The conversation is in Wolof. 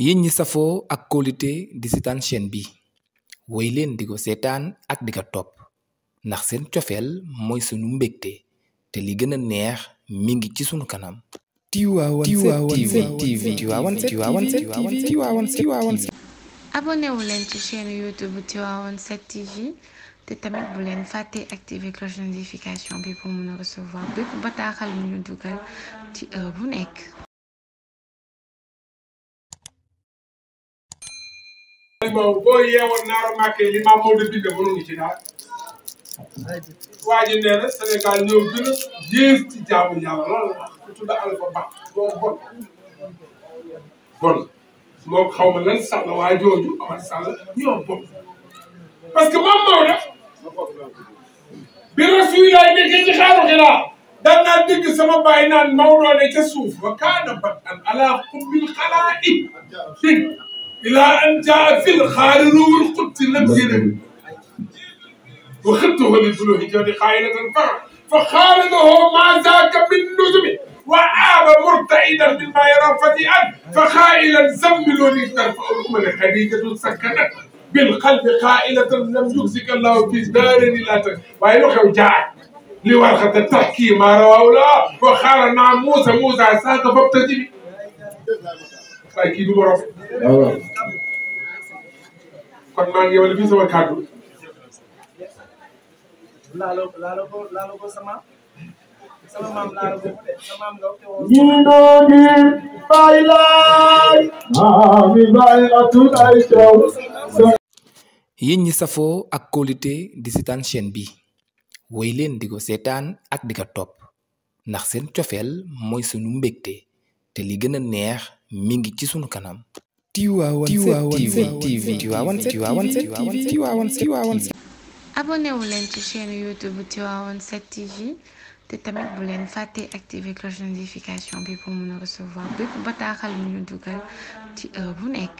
yéen ñi safoo ak kóolite di seetaan chaîne bi woy leen di ko seetaan ak di ko topp ndax seen cofeel mooy sunu mbégte te li gën a neex mi ngi ci sunu kanam. Tivaouane 7 TV Tivaouane 7 TV ci chaîne youtube Tivaouane 7 TV te tamit bu leen fàtte activer cloche bi pour mën a recevoir bépp bataaxal bu ñu dugal ci bu nekk. ma boo yeewoon naaru li Maam Maodo bind mënuñu ci daal waa ji nee na Sénégal ñoo gën a yées ci jaamu yàlla loolu la wax ku tudd Alpha Ba moom bon bon moom xaw ma lan sàll que Maam Maodo bi naa dégg sama suuf wa kaana bat an xalaa i إلى أن جاء في الخارج والقدس لم يلم وخطه للفلوهجة قائلة فخالده ما ذاك من نزمه وآب مرتعدا مما يرى فزئا فخائلا زملوني ترفع الأمم خديجة سكنت بالقلب قائلة لم يخزك الله في دار لا وإنه جاء لورقة تحكي ما رواه لا وخال نعم موسى موسى عساك فابتدي فأكيد برب kon maa ngi ak kóolute di seetaan chaîne bi woy leen di ko seetaan ak di ko topp ndax seen cofeel mooy sunu mbégte te li gën neex mi ngi ci sunu kanam. Tivaouane 7 TV Tivaouane 7 TV Tivaouane 7 TV abonné wu leen ci chaîne YouTube Tivaouane 7 TV te tamit bu leen fàtte activer cloche notification bi pour mën a recevoir bépp bataaxal bu ñu dugal ci heure bu nekk.